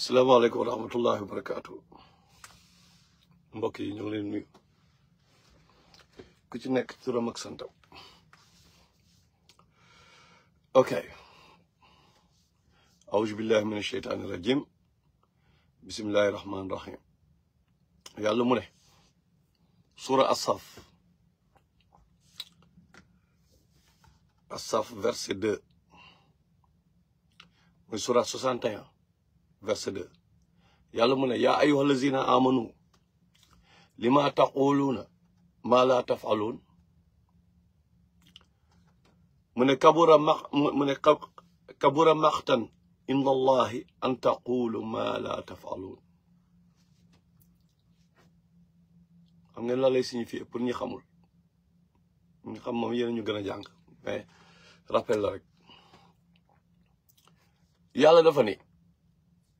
asalaamaaleykum wa rahmatullahi wa barakaatu mbokk yi ñu ngi ku ci nekk turam ak santam ok auzu billahi min asheytaani rajim bismillahi rahmaani rahim yàlla mu ne suura asaf asaf verset deux muy suura soixante et un verset 2 yàlla mu ne yaa ayyuha allazina amanu lima taquluuna ma la tafaluun mu ne kabura ma mu ne kabura maxtan inda allahi an taqulu ma la tafaluun xam ngeen la lay signifier pour ñi xamul ñu xam moom yéen ñu gën a jàng mais rek yàlla dafa ni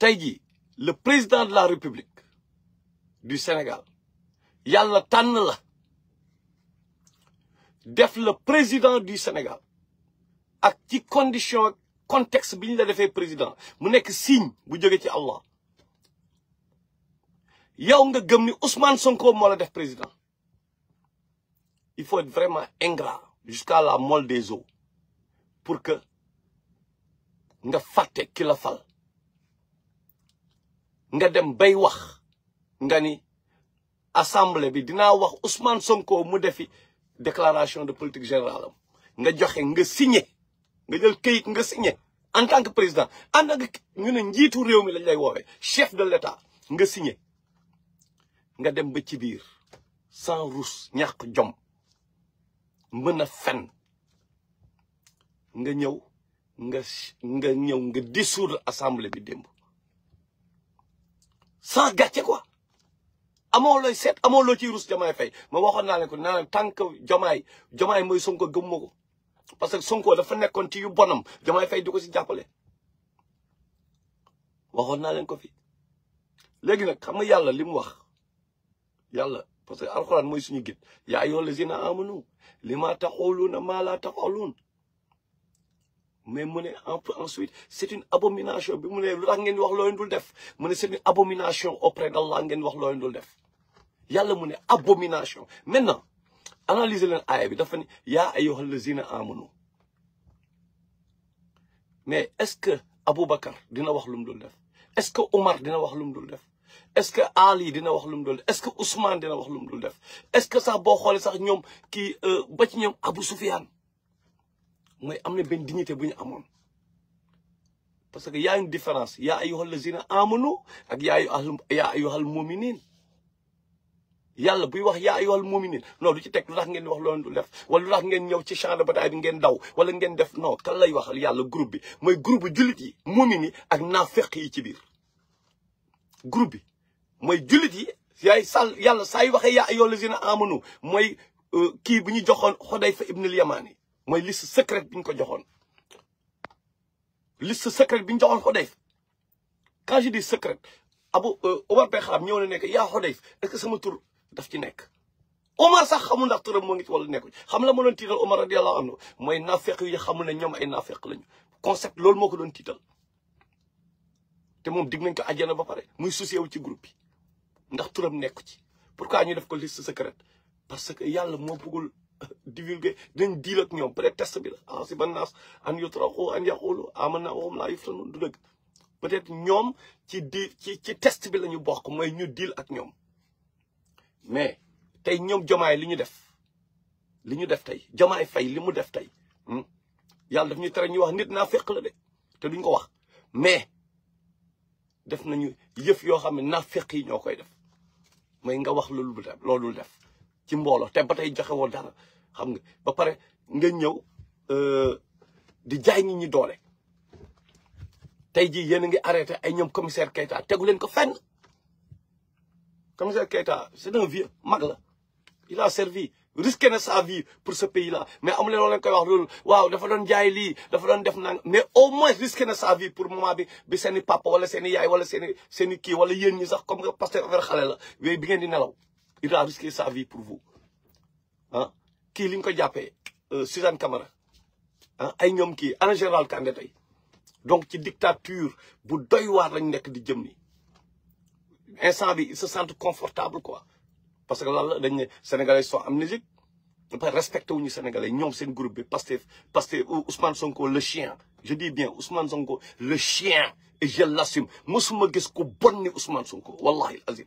tey le président de la république du Sénégal Yalla le la def le président du Sénégal À qui condition contexte bi ñu la président mu nekk signe bu jóge ci Allah yow nga gëm ni Ousmane Sonko moo la def président il faut être vraiment ingrat jusqu'à la moelle des os pour que nga fàtte ki la fal nga dem bay wax nga ni assemblée bi dinaa wax Ousmane Sonko mu defi déclaration de politique générale nga joxe nga signe nga jël këyit nga signe en tant que président en tant que ñu ne njiitu réew mi lañ lay woowee chef de l'État nga signe nga dem ba ci biir sans rus ñàkk jom mën a fen nga ñëw nga nga ñëw nga dissoudre assemblée bi démb sans gàcce ko amoo looy seet amoo loo ciy rus Diomaye Faye ma waxoon naa leen ko naa leen tant que moy Diomaye mooy Sonko gëmuma ko parce que Sonko dafa nekkoon ci yu bonam Diomaye Faye du ko si jàppale waxoon naa leen ko fi léegi nag xam nga yàlla li mu wax yàlla parce que alxuraan moy suñu git yaa ayyuhal lazina amanu lima taquluna ma la taqulun mais mu ne ensuite c'est une abomination bi mu ne lu tax ngeen wax looy dul def mu ne c'est une abomination auprès d'Allah ngeen wax looy dul def yàlla mu ne abomination maintenant analyser leen aaya bi dafa ne yaa ayyuhal lazina amanu mais est-ce que Aboubacar dina wax lu mu def est-ce que Omar dina wax lu mu def est-ce que Ali dina wax lu mu est-ce que Ousmane dina wax lu mu def est-ce que sax boo xoolee sax ñoom kii euh, ba ci ñoom Abou Soufiane mooy am na benn dignité bu ñu amoon parce que y a une différence yaa ayyuhal lazina amanu ak yaa ayyuhal yaa ayyuhal mu'minin yàlla buy wax yaa ayyuhal mu'minin non du ci teg lu tax ngeen wax loolu du def wala lu tax ngeen ñëw ci champ de bataille bi ngeen daw wala ngeen def non kan lay waxal yàlla groupe bi mooy groupe bu jullit yi mu'min yi ak naafeq yi ci biir groupe bi mooy jullit yi yaay sàll yàlla saa yu waxee yaa ayyuhal lazina amanu mooy kii bu ñu joxoon Xudayfa ibn al-Yamani mooy liste secrète bi ñu ko joxoon liste secrète bi ñu joxoon Xodayf quand je dis secrète abu euh, Omar Pay Xalam ñëw na nekk yaa Xodayf est-ce sama tur daf ci nekk Omar sax xamu ndax turam moo ngi ci wala nekku xam la ma doon tiital Omar radiyallahu anhu mooy naafeq yi xamul ne ñoom ay fek lañu concept loolu moo ko doon tiital te moom dig nañ ko àjjana ba pare muy soucié wu ci groupe bi ndax turam nekku ci pourquoi ñu def ko liste secrète parce que yàlla moo bëggul divulguer dinañ diil ak ñoom peut test bi ah, la ah si ban naas an yutraku an yaqulu amanna wa hum ay yuftanun du dëgg peut-être ñoom ci di ci ci test bi la ñu bokk mooy ñu diil ak ñoom mais tey ñoom jomaay li ñu def li ñu def tey jomaay fay li mu def tey hmm, yàlla daf ñu tere ñuy wax nit naa féq la de te duñ ko wax mais def nañu yëf yoo xam ne naa féq yi ñoo koy def mooy nga wax loolu def loolu def ci mbooloo te ba tey joxe woo dara xam nga ba pare nga ñëw euh, di jaay nit ñi doole. tey jii yéen a ngi arrêté ay ñoom commissaire Keita tegu leen ko fenn commissaire Keita c'est un vieux mag la a servi risqué na sa vie pour ce pays là mais amu leen ne leen koy wax loolu waaw dafa doon jaay lii dafa doon def nang mais au moins risqué na sa vie pour moment bi bi seen papa wala seen i yaay wala seen i seen i kii wala yéen ñi sax comme que parce que affaire xale la bi ngeen di nelaw. il a risqué sa vie pour vous hein? Qui que ñu ko Euh, Suzanne Kamara, hein? ay qui est en général candidat. Donc, donc ci dictature bu doy waar lañ nekk di jëm instant ils se sentent confortable quoi parce que là, les sénégalais sont amnésiques parce respectent respecté wuñu sénégalais sont un groupe Parce que Ousmane Sonko le chien je dis bien Ousmane Sonko le chien et je l'assume mosuma gis ku bon Ousmane Sonko wallahi azim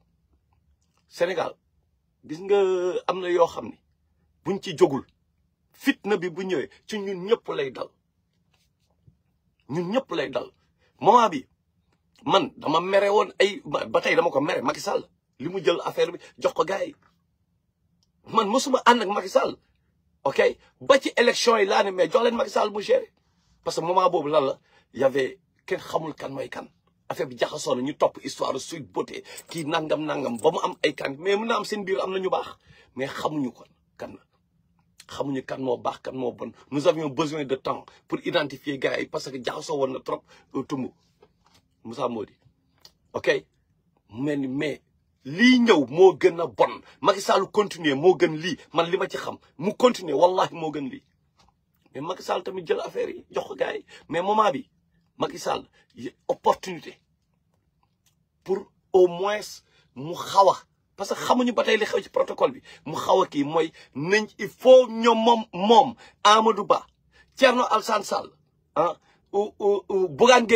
Sénégal gis nga am na yoo xam ni buñ ci jógul fitna bi bu ñëwee ci ñun ñëpp lay dal ñun ñëpp lay dal moment bi man dama mere woon ay ba tey dama ko mere Macky Sall li mu jël affaire bi jox ko gars yi man mosuma ànd ak Macky Sall ok ba ci élection yi laa ne mais jox leen Macky Sall mu géré parce que moment boobu lan la y avait xamul kan mooy kan affaire bi jaxasoo na ñu topp histoire Sweet Beauté kii nangam nangam ba am ay kan mais mën na am seen biir am na ñu baax mais xamuñu kon kan xamuñu kan moo baax kan moo bon nous avions besoin de temps pour identifier gars yi parce que jaxasoo woon na trop tumb Moussa Mody ok mais mais lii ñëw moo gën a bon Macky Sall continuer moo gën lii man li ma ci xam mu continuer wallahi moo gën lii mais Macky Sall tamit jël affaire yi jox ko gars yi mais moment bi Macky Sall opportunité moins mu parce que xamuñu batay li xew ci protocole bi mu xawa ki il faut ñom mom Amadou ah, ou ou Bougane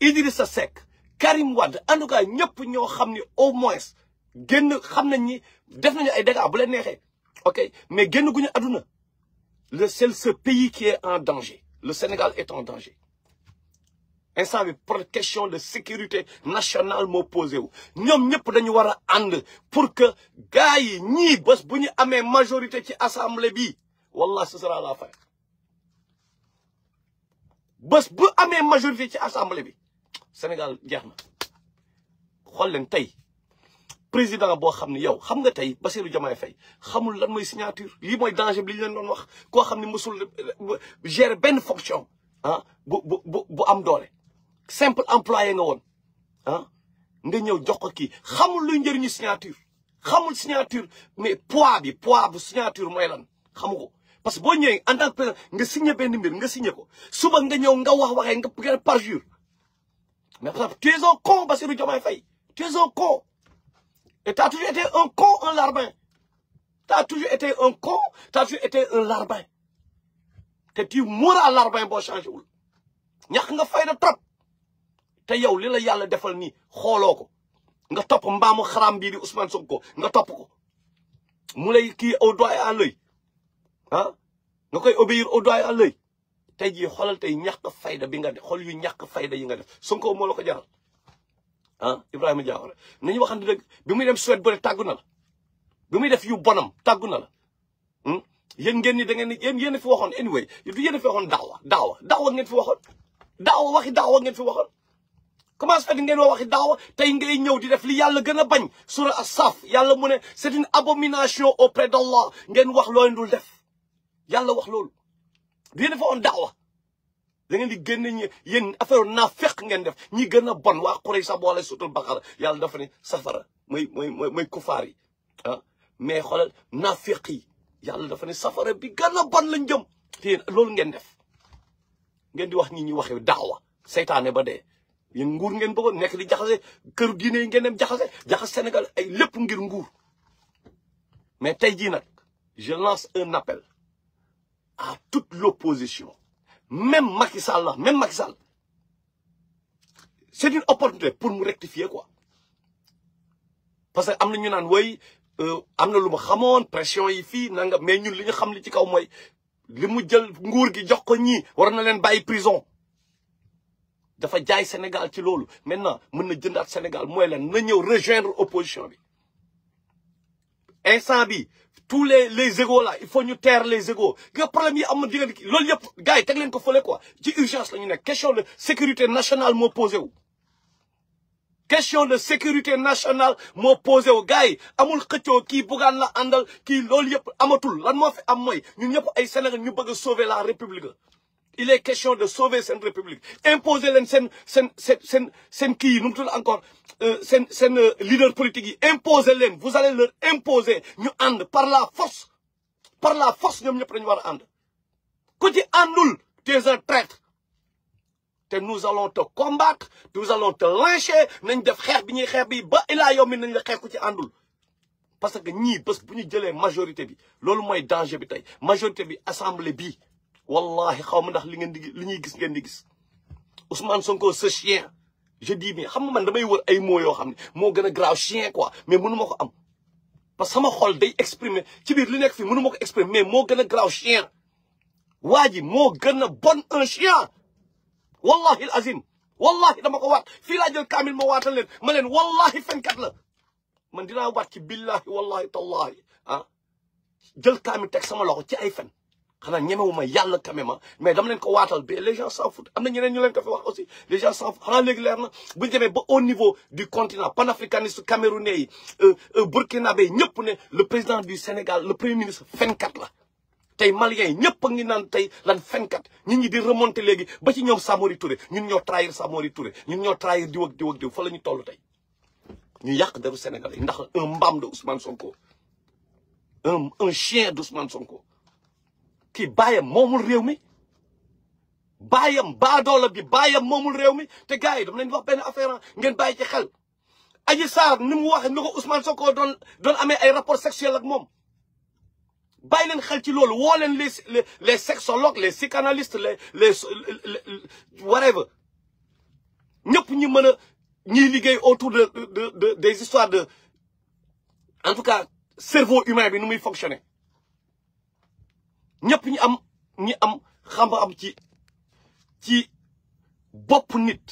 Idrissa Karim Wade en tout cas au moins ni def ay dégâts bu ok mais guñu le seul ce pays qui est en danger le Sénégal est en danger ça c'est pour question de sécurité nationale m'a posé nous pour que gars yi majorité ci assemblée wallah ce sera la fin bu majorité ci assemblée bi Sénégal président bo xamni yow xam nga xamul lan signature li moy danger li leen wax euh, gérer fonction ah, bu bu bu am simple employé nga woon ah, nga ñëw jox ko kii xamul luy njëriñu signature xamul signature mais poids bi poids bu signature mooy lan xamu ko parce que boo ñëwee en nga signé benn mbir nga signé ko suba nga ñëw nga wax waxee nga gën a parjure mais par exemple tu es un con Bassirou Diomaye Faye tu es un con et t'as toujours un con un larbin t'as toujours été un con t'as toujours été un larbin te tu mourras larbin boo changé wul ñàkk nga fay na trop te yow li la yàlla defal nii xooloo ko nga topp mbaamu xaram bii di Ousmane ko nga topp ko mu lay kii au doigt et à ah? nga koy obéir au doigt et à l'œil tey jii xoolal tey ñàkk fayda bi nga def xool yu ñàkk fayda yi nga def Sonko moo la ko jaral ah Ibrahima Diawara nañu waxante dëgg bi muy def Suède bëre tàggu na la bi muy def yu bonam tàggu na la hmm? yéen ngeen ni da ngeen ni yéen yéen a fi waxoon anyway du yéen a fi waxoon daawa daawa daawa ngeen fi waxoon daawa waxi daawa ngeen fi commence fekk ngeen wax waxi daawa tey ngay ñëw di def li yàlla gën a bañ sura asaf yàlla mu ne c'est une abomination auprès d'Allah ngeen wax looy dul def yàlla wax loolu di ngeen defa oon daawa da ngeen di génne ñi yéen affaire naa fekk ngeen def gën a bon waa Quraysh sa boole sutul Baqara yàlla dafa ne safara mooy mooy mooy kufaar yi ah mais xoolal naafiq yi yàlla dafa ne safara bi gën a bon lañ jëm te loolu ngeen def ngeen di wax ñi ñuy waxee daawa seytaane ba dee yéen nguur ngeen bëggoon nekk di jaxase këru diine yi ngeen dem jaxase jaxase Sénégal ay lépp ngir nguur mais tey jii nag je lance un appel à toute l'opposition même Macky Sall la même Macky Sall c'est une opportunité pour mu rectifier quoi parce que am na ñu naan way euh, am na lu ma xamoon pression yi fii nanga mais ñun li ñu xam li ci kaw mooy li mu jël nguur gi jox ko ñii war na leen bàyyi prison dafa jaay Sénégal ci loolu maintenant mën na jëndaat Sénégal mooy lan na ñëw rejoindre opposition bi instant bi tous les les égos là il faut ñu taire les égos nga problème yi am na diggante loolu yëpp gars yi teg leen ko fële quoi ci urgence la ñu question de sécurité nationale moo posé wu question de sécurité nationale moo posé wu gars yi amul qui kii bugaan la andal, kii loolu yëpp amatul lan moo fi am mooy ñun ñëpp ay Sénégal ñu bëgg a sauver la république il est question de sauver cette république imposer les c'est qui, nous seen encore euh, euh, leader politique imposez imposer vous allez leur imposer Nous ànd par la force par la force nous allons prendre war Côté Andoul, tu es un traître nous allons te combattre nous allons te lyncher Nous allons te faire des choses, bi ba parce que nous, avons la majorité bi est danger bi majorité bi assemblée bi wallahi xaw ma ndax li ngeen di li ñuy gis ngeen di gis Ousmane Sonko ce chien je dis bien xam nga man damay wër ay mots yoo xam ne moo gën a grave chien quoi mais mënu ma ko am parce que sama xol day exprimer ci biir li nekk fii mënu ma ko exprimer mais moo gën a grave chien waa ji moo gën a bon un chien wallahi al azim wallahi dama ko waat fii laa jël kaamil ma waatal leen ma leen wallahi fenkat la man dinaa waat ci billahi wallahi tallahi ah jël kaamil teg sama loxo ci ay fen xanaa ñemewuma yàlla quand même ah. mais dama leen ko waatal bi les gens s'en foutent am na ñeneen ñu leen ko wax aussi les gens s'en foutent xanaa léegi leer na bu ba au niveau du continent panafricaniste camerounais yi euh, euh, burkinabé ñëpp ne le président du Sénégal le premier ministre fenkat la Tay malien, yi ñëpp a ngi naan tey lan fenkat nit ñi di remonter léegi ba ci ñoom Samori Touré ñun ñoo trahir Samori Touré ñun ñoo trahir diw ak diw ak diw fa la ñu toll ñu yàq deru Sénégal yi ndax un mbaam de Ousmane Sonko un un chien d'Ousmane Sonko kii baayam moomul réew mi baayam baadoola bi baayam moomul réew mi te gars yi dama leen wax benn affaire ah, ngeen bàyyi ci xel Adji Sarr ni mu waxee ni ko Ousmane Sonko doon doon amee ay rapport sexuel ak moom bàyyi leen xel ci loolu woo leen les les sexologues les psychanalystes les les whatever ñëpp ñi mën a ñiy liggéey autour de de des histoires de en tout cas cerveau humain bi nu muy fonctionner ñëpp ñi am ñi am xam am ci ci bop nit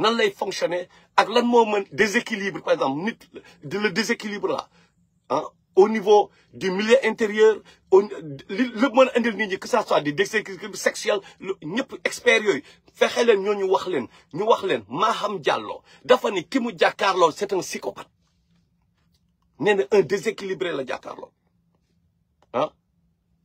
nan lay fonctionner ak lan mo meun déséquilibre par exemple nit de le déséquilibre là ah au niveau du milieu intérieur le meun lépp nit ñi que ça soit du déséquilibre sexuel ñëpp expert yoy fexe leen ñoo ñu wax leen ñu wax leen xam Diallo dafa ni ki mu jàkkaarloo c'est un psychopathe nee na un déséquilibré la jàkkaarloo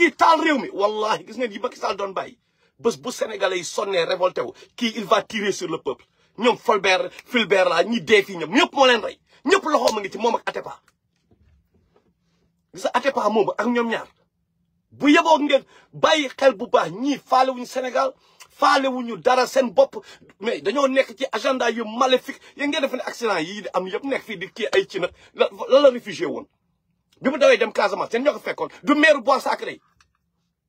kii taal réew wallahi gis ngeen yi Macky Sall doon bàyyi bés bu sénégalais sonné révolté wu ki il va tirer sur le peuple ñom folbert filbert la ñi dee fii ñoom ñëpp mo leen ray ñëpp loxo a ngi ci mom ak Atepa gis nga Atepa mom ak ñom ñaar bu yeboo ngeen bay xel bu baax ñi faale wuñu Sénégal faale wuñu dara sen bop mais dañoo nekk ci agenda yu maléfique yéen ngeen def ne accident yi di am yëpp nekk fi di ki ay ci nag la la réfugié woon bi mu dawee dem Casamance seen ñoo ko du maire Bois Sacré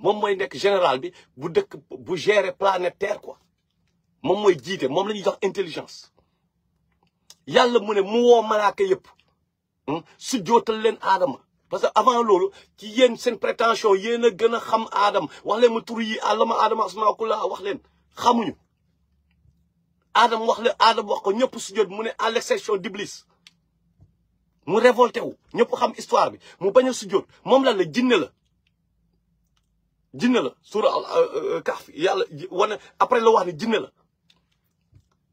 moom mooy nekk général bi bu dëkk bu gérer planète terre quoi mom moy jiite mom la ñuy jox intelligence yalla mu ne mu woo malaaka yëpp hmm, su jootal Adam parce que avant lolu ci yeen sen prétention yéen gëna a xam adam wax leen ma tur yi àllama adam asma kulla wax leen xamuñu adam wax le Adam wax ko ñëpp su jot mu ne à l'exception d'Iblis mu révolté wu ñëpp xam histoire bi mu baña a su jot la la jinne la jinne la suura euh, euh, kaaf yàlla wane après la wax ne jinne la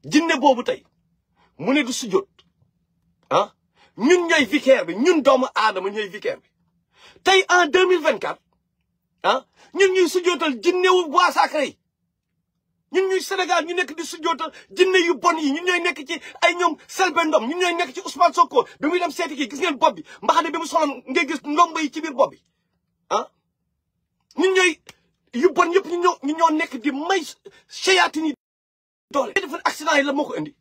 jinne boobu tey mu ne du sujjóot ah ñun ñooy vicaire bi ñun doomu aadama ñooy vicaire bi tey en deux mille vingt quatre ah ñun ñuy sujjootal jinne wu bois sacré ñun ñuy senegal ñu nekk di sujjootal jinne yu bon yi ñun ñooy nekk ci ay ñoom Selbé Ndom ñun ñooy nekk ci Ousmane Sonko bi muy dem seeti kii gis ngeen bopp bi mbaxane bi mu solom ngay gis ndomb yi ci biir bopp bi ah ñun ñooy yu bon yëpp ñu ñoo ñu ñoo nekk di may seyaati ni doole defa accident yi la moo ko indi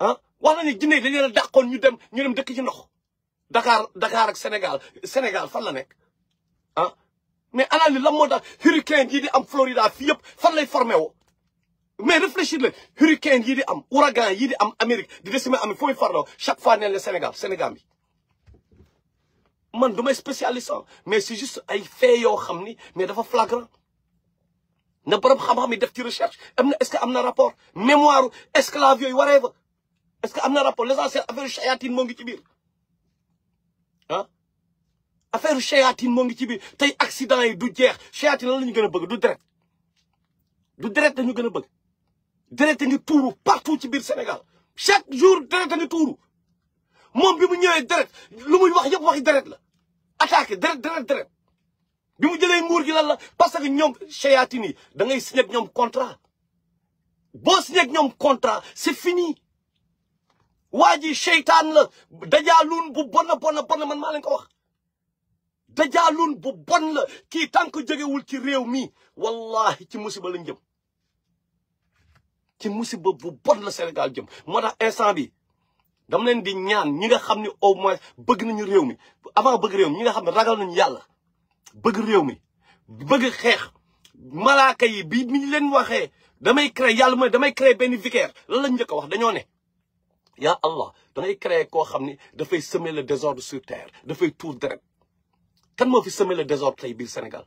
ah wax na ne jinne yi dañu ñu dem ñu dem dëkk ci ndox Dakar Dakar ak Sénégal Sénégal fan la nekk ah mais ana li lan moo tax hurricane yi di am Florida fii yëpp fan lay formé woo mais réfléchir la hurricane yi di am ouragan yi di am Amérique di décimer Amérique fooy farloo chaque fois neen la Sénégal Sénégal bi man suis spécialiste ah. mais c'est juste ay fait qui mais dafa flagrant na borom xam-xam mi def ci recherche est-ce que a un rapport mémoire esclave yoy est-ce que amna un rapport Les affaire chayatine mo ngi ci bir. ah affaire chayatine mo ngi ci de tay accident yi du jeex chayatine lañu gëna bëgg du droit. du dañu gëna bëgg a partout ci Sénégal chaque jour deret a mom bi mu ñëwé dérèt lu muy wax yëpp waxi dérèt la attaqué dérèt dérèt dérèt bi mu jëlé nguur gi lan la parce que ñom shayatini da ngay signé ak ñom contrat bo signé ak ñom contrat c'est fini waji shaytan la dajalun bu bon bon bon man ma lañ ko wax dajalun bu bon la ki tank jëgé wul ci réew mi wallahi ci musiba lañ jëm ci musiba bu bon la Sénégal jëm mo tax instant bi dam leen di ñaan ñi nga xam ne au moins bëgg nañu réew mi avant bëgg réew mi ñi nga xam ragal nañu yàlla bëgg réew mi bëgg xeex malaaka yi bi mi leen waxee damay créer yàlla mooy damay créer benn vicaire lan lañ njëkk a wax dañoo ne yaa allah dangay créer ko xam ne dafay semer le désordre sur terre dafay tuur deret kan mo fi semer le désordre tay biir Sénégal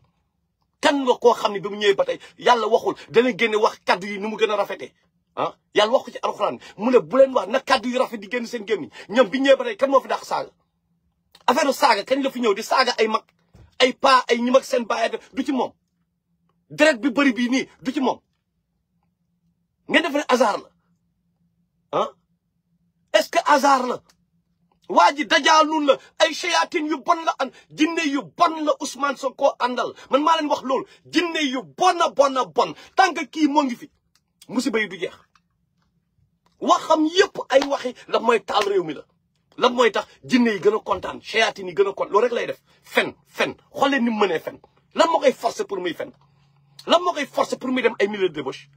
kan nga ko xam ne bi mu ñëwee ba tey yàlla waxul dana génne wax kaddu yi ni mu gën a ah wax ko ci alquran mu ne bu len wax na kaddu yu rafi di genn sen gémmiñ ñom bi ñëwee ba tey kan mo fi dakh saaga affaire saga kan la fi ñew di saga ay mak ay pa ay ñi mag sen baye du ci mom direct bi bari bi ni du ci mom nga def na azar la ah est-ce que azar la waji dajal nun la ay shayatin yu bon la an jinne yu bon la Ousmane Sonko andal man ma len wax loolu jinne yu bon a bon a bon tant ngi fi musiba yi du jeex waxam yépp ay waxi la moy tal rew mi la la moy tax jinne yi gëna contane kontaan shayatin yi gën a kontaan rek lay def fen fen xolé ni mëne fen lan mo koy forcer pour muy fen lan mo koy forcer pour muy dem ay milliers de débauche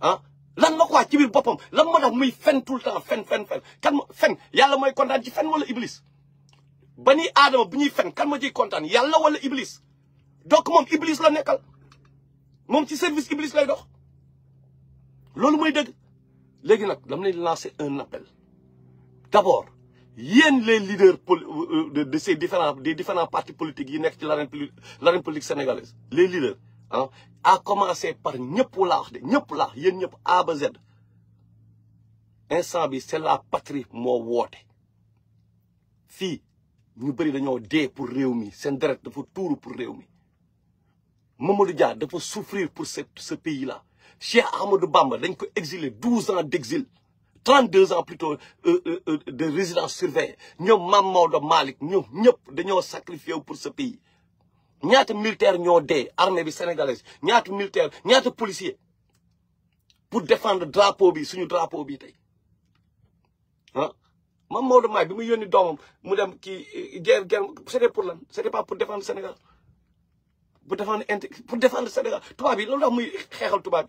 han lan la wax ci bir bopam lan mo tax muy fen tout temps fen fen fen kan fen yàlla moy contane ci fen wala iblis bani ni aadama fen kan mo ciy contane yàlla wala iblis donc mom iblis la nekkal mom ci service iblis lay dox loolu mooy dëgg léegi nag dama lay lancer un appel d'abord yéen les leaders euh, euh, de ces différents des différents partis politiques yi nekk ci la l'arène politique sénégalaise les leaders ah à commencer par ñëpp laa wax de ñëpp laa yéen ñëpp A ba Z bi c'est la patrie moo woote fii ñu bëri dañoo dee pour réew mi seen deret dafa tuuru pour réew mi Mamadou Dia dafa souffrir pour ce ce pays Cheikh Ahmadou Bamba dañ exilé douze ans d'exil trente-deux ans plutôt euh, euh, euh, de résidence surveillée ñoom Mamadou Maodo Malick ñoom ñëpp dañoo sacrifié pour ce pays ñaata militaire ñoo dee armée bi sénégalaise ñaata militaire ñaata policier pour défendre drapeau bi suñu drapeau bi tey ah hein? Mamadou Malik, Malick bi mu yónni mu dem kii c'était pour lan c'était pas pour défendre le Sénégal pour défendre pour défendre Sénégal tubaab yi loolu tax muy xeexal tubaab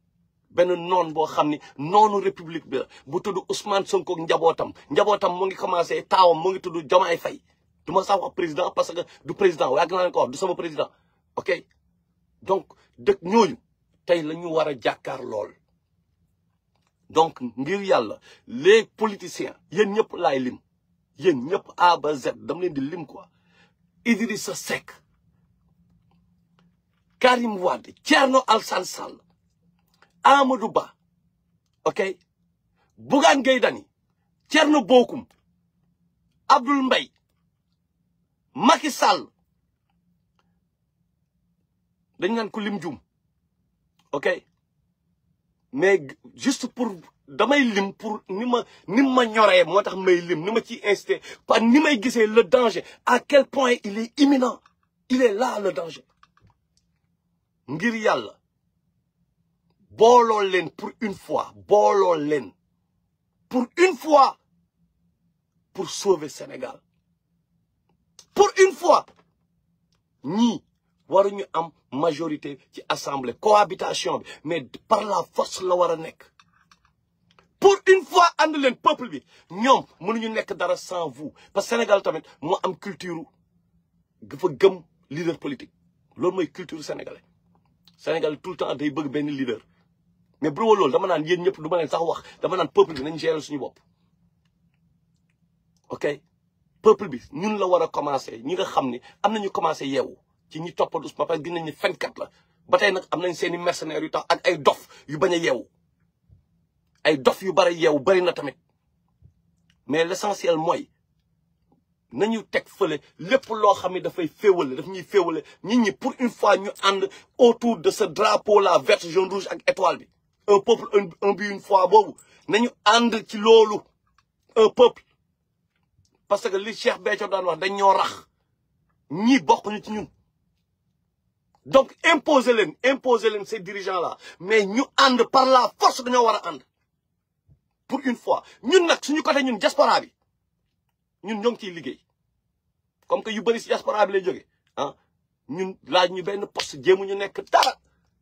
Ben non bo xamni nonu noonu république bi bu tuddu Ousmane Sonko njabotam njabotam mo ngi commencé taawam mo ngi tuddu Diomaye fay duma sax wax président parce que du président yàgg na ko du sama président ok donc de ñooñu tay lañu wara jakar lol donc ngir yalla les politiciens yeen ñep lay lim yeen ñep A ba Z dam leen di lim quoi Idrissa sek, Karim Wade Thierno Alsan Sal Amadou Ba ok Bougane Gaydani. bokum, Abdul Mbaye Macky Sall ok mais juste pour damay pour ni ma ni may lim ni ma le danger à quel point il est imminent il est là le danger ngir pour une fois pour une fois pour sauver Sénégal pour une fois nous avons une majorité qui assemblée cohabitation mais par la force la waranek. pour une fois nous, un peuple nous ñoom dara sans vous parce que Sénégal tamit culture faut gëm leader politique L'homme la culture sénégalais Sénégal tout le temps day leader mais bro lol dama nan yeen ñep du ma sax wax dama nan peuple bi nañ gérer suñu bop ok peuple bi ñun la wara a commencé ñi nga xam ci ñi papa que nañ ni 24 la batay nak nag am mercenaires yu tax ak ay dof yu baña a ay dof yu bari bari mais l'essentiel nous nañu tek feulé lepp lo xamni da ñi pour une fois ñu autour de ce drapeau là vert jaune rouge ak étoile bi un peuple un but une fois bobu nañu and ci lolu un peuple parce que li Cheikh Béthio daan wax dañ ñoo rax ñi ñu ci ñun donc imposer leen imposer leen ces dirigeants là mais ñu and par la force dañu wara and pour une fois ñun nak suñu côté ñun diaspora bi ñun ñong ci liguey comme que yu bari si diaspora bi lay jógee hein ñun laaj ñu benn poste jéemu ñu nekk dara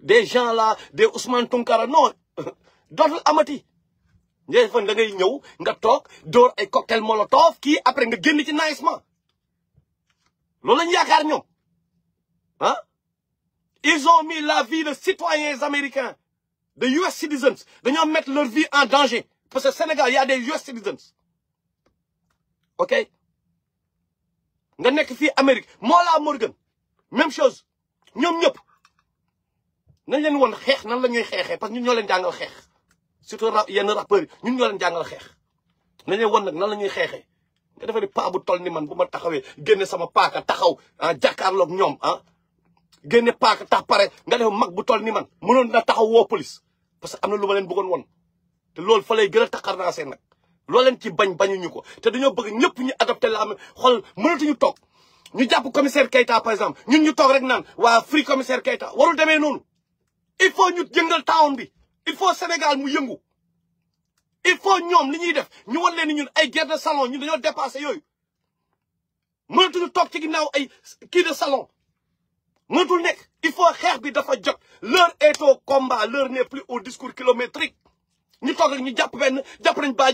des gens là des Ousmane Tunkara non d'autres amati. vous fan da ngay ñëw nga toog dor ay cocktail molotov qui, après nga génn ci naajement C'est ce qu'ils ont hein ils ont mis la vie de citoyens américains de US citizens de mettre leur vie en danger parce que Sénégal il y a des US citizens ok nga nekk fii Amérique Mola Morgan même chose ñoom ñëpp. nañ leen woon xeex nan la ñuy xeexee parce que ñun ñoo leen jàngal xeex surtout yenn rappeurs yi ñun ñoo jàngal xeex nañ leen woon nag nan la ñuy xeexee nga defee ni paa bu toll ni man bu ma taxawee génne sama paaka taxaw ah jàkkaarloog ñoom ah génne paaka tax pare nga def mag bu toll ni man mënoon na taxaw woo police parce que am na lu ma leen bëggoon woon te loolu fa lay gën a taxar naa seen nag loo leen ci bañ bañuñu ko te dañoo bëgg ñëpp ñu adopté la am xool mënatuñu toog ñu jàpp commissaire Keita par exemple ñun ñu toog rek naan waa free commissaire Keita warul demee noonu il faut ñu jëngal town bi il faut Sénégal mu yëngu il faut ñom li ñuy def ñu wan leen ni ñun ay de salon ñun dañoo nous nous ci ay de salon il faut xex bi dafa jot est au combat l'heure n'est plus au discours kilométrique ñu ak ñu bah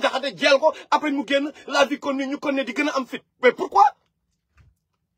après mu la vie ñu di mais pourquoi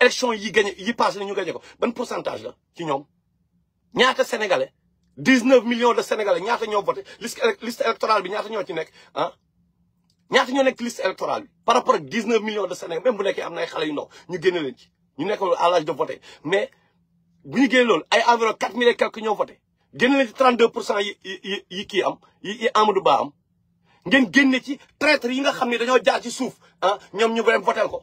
élection yi gagné yi passé ñu gagné ko ban pourcentage la ci ñom ñaata sénégalais 19 millions de sénégalais ñaata ñoo voté liste électorale bi ñaata ñoo ci nek hein ah? ñaata ñoo nek liste électorale bi par rapport à 19 millions de sénégalais même bu nekkee am na ay xale yu ndaw ñu génne leen ci ñu nek à l'âge de voter mais bu ñu génne loolu ay environ 4000 mille et quelques ñoo voté génne leen ci 32% yi yi yi am yi Amadou Ba am ngeen gënné ci traître yi nga xamni dañoo jaar ci souf hein ah? ñom ñu dem voté ko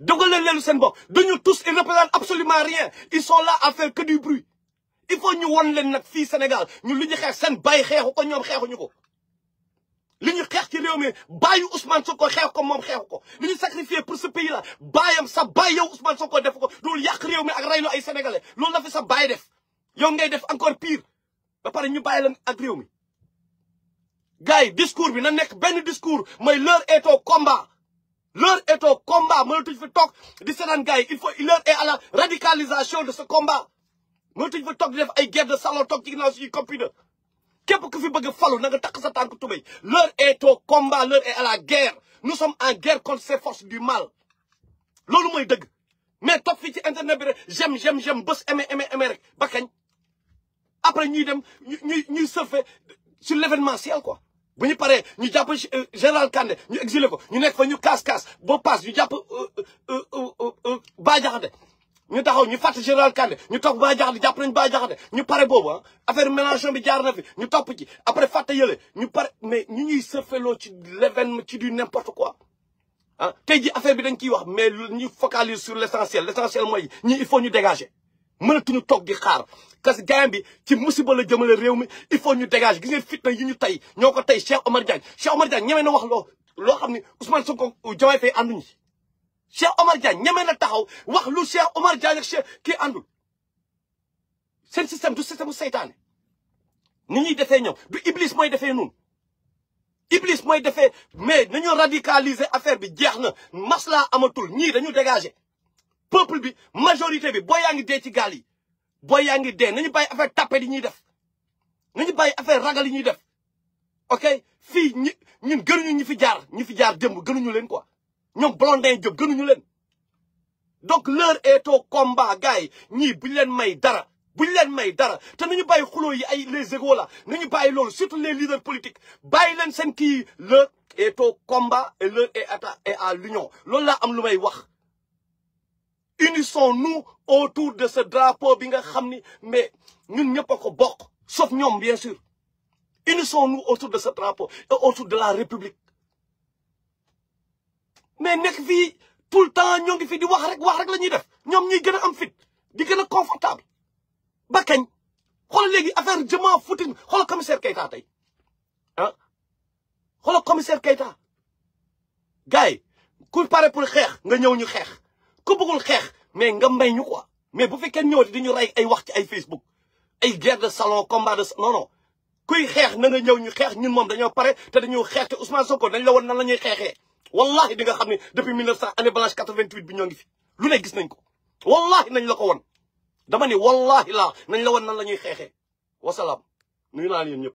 dogaleel leen tous ils ne représentent absolument rien ils sont là à faire que du bruit il faut nous won leen filles au Sénégal nous lui ñu xeex seen bàyyi Nous, ko ñoom xeexuñu ko. li ci Ousmane ko ko pour ce pays là bayam sa Ousmane def ko sénégalais loolu a fi sa baye def yow def encore pire ba par ñu baye ak discours bi discours mais est au combat. L'heure est au combat. Mënatuñ fi toog di se gars yi il faut l'heure est à la radicalisation de ce combat. Mënatuñ fi toog di def ay guerre de salon toog ci ginnaaw suñuy copine képp ku fi bëgg a falu na nga takk sa tànk tubéy l'heure est au combat l'heure est à la guerre nous sommes en guerre contre ces forces du mal loolu mooy dëgg mais toog fii ci internet bi j'aime j'aime j'aime bus aimé aimé aimé rek après ñuy dem ñuy ñuy surfer sur l'événementiel quoi buñu paré ñu japp euh, général Kandé ñu exilé ko ñu nek fa ñu casse casse bo paas ñu japp euh, euh, ba Diakhaté ñu taxaw ñu faté général Kandé ñu topp Bah Diakhaté japp nañu ba Diakhaté ñu paré bobu ah, affaire Mélenchon bi jaar na fi ñu top ci après faté yele ñu paré mais ñu ñuy sëfeloo ci l'événement ci du n'importe quoi hein ah, tay ji affaire bi dañ ciy wax mais ñu focaliser sur l'essentiel l'essentiel moy ñi il faut ñu dégager mënatuñu toog di xaar parce que gaayam bi ci musiba la jëmale réew mi il faut ñu dégage gi ngeen fitna yi ñu tey ñoo ko tey Cheikh Omar Diagne Cheikh Omar Diagne ñemee na wax loo loo xam ne Ousmane Sonko Diomaye Faye ànduñu ci Cheikh Omar Diagne ñemee na taxaw wax lu Cheikh Omar Diagne ak Cheikh kii àndul sen système du système bu seytaane ni ñuy defee ñoom du Iblis mooy defee noonu Iblis mooy defee mais nañu radicaliser affaire bi jeex na maslaa amatul ñii dañu dégager peuple bi majorité bi boo yaa ngi dee ci gaal yi boo yaa ngi dee nañu bàyyi affaire tapé yi ñuy def nañu bay affaire ragal yi ñuy def ok fii ñi ñun gënuñu ñi fi jaar ñi fi jaar démb gënuñu leen quoi ñoom Blondin Diop gënuñu leen donc l'heure est au combat gars yi ñii buñ leen may dara buñ leen may dara te nañu bàyyi xuloo yi ay les égos la nañu bàyyi loolu surtout les leaders politiques bàyyi leen seen kii l'heure est au combat et l'heure est lu l'union loolu laa am lu may wax unissons-nous autour de ce drapeau bi nga xam mais ñun ñëpp pas ko sauf nous bien sûr unissons-nous autour de ce drapeau et autour de la république mais nek fi, tout le temps nous avons fi di wax rek wax rek la def ñoom ñuy gën am fit di gën confortable ba kañ legi léegi affaire jëmaa footing commissaire Keita tey ah commissaire Keita gay, yi pare pour xeex nga ñëw ñu xeex ku bëggul xeex mais nga may ñu quoi mais bu fekkee ñëw di ñu rey ay wax ci ay Facebook ay guerre de salon combat de non non kuy xeex na ñëw ñu xeex ñun moom dañoo pare te dañoo xeex te Ousmane Sonko dañ la woon nan la ñuy xeexee wallahi di nga xam ne depuis 1900 année blanche 88 bi ñoo ngi fi lu ne gis nañ ko wallahi nañ la ko won dama ni wallahi laa nañ la woon nan la ñuy xeexee wasalaam nuyu naa leen ñëpp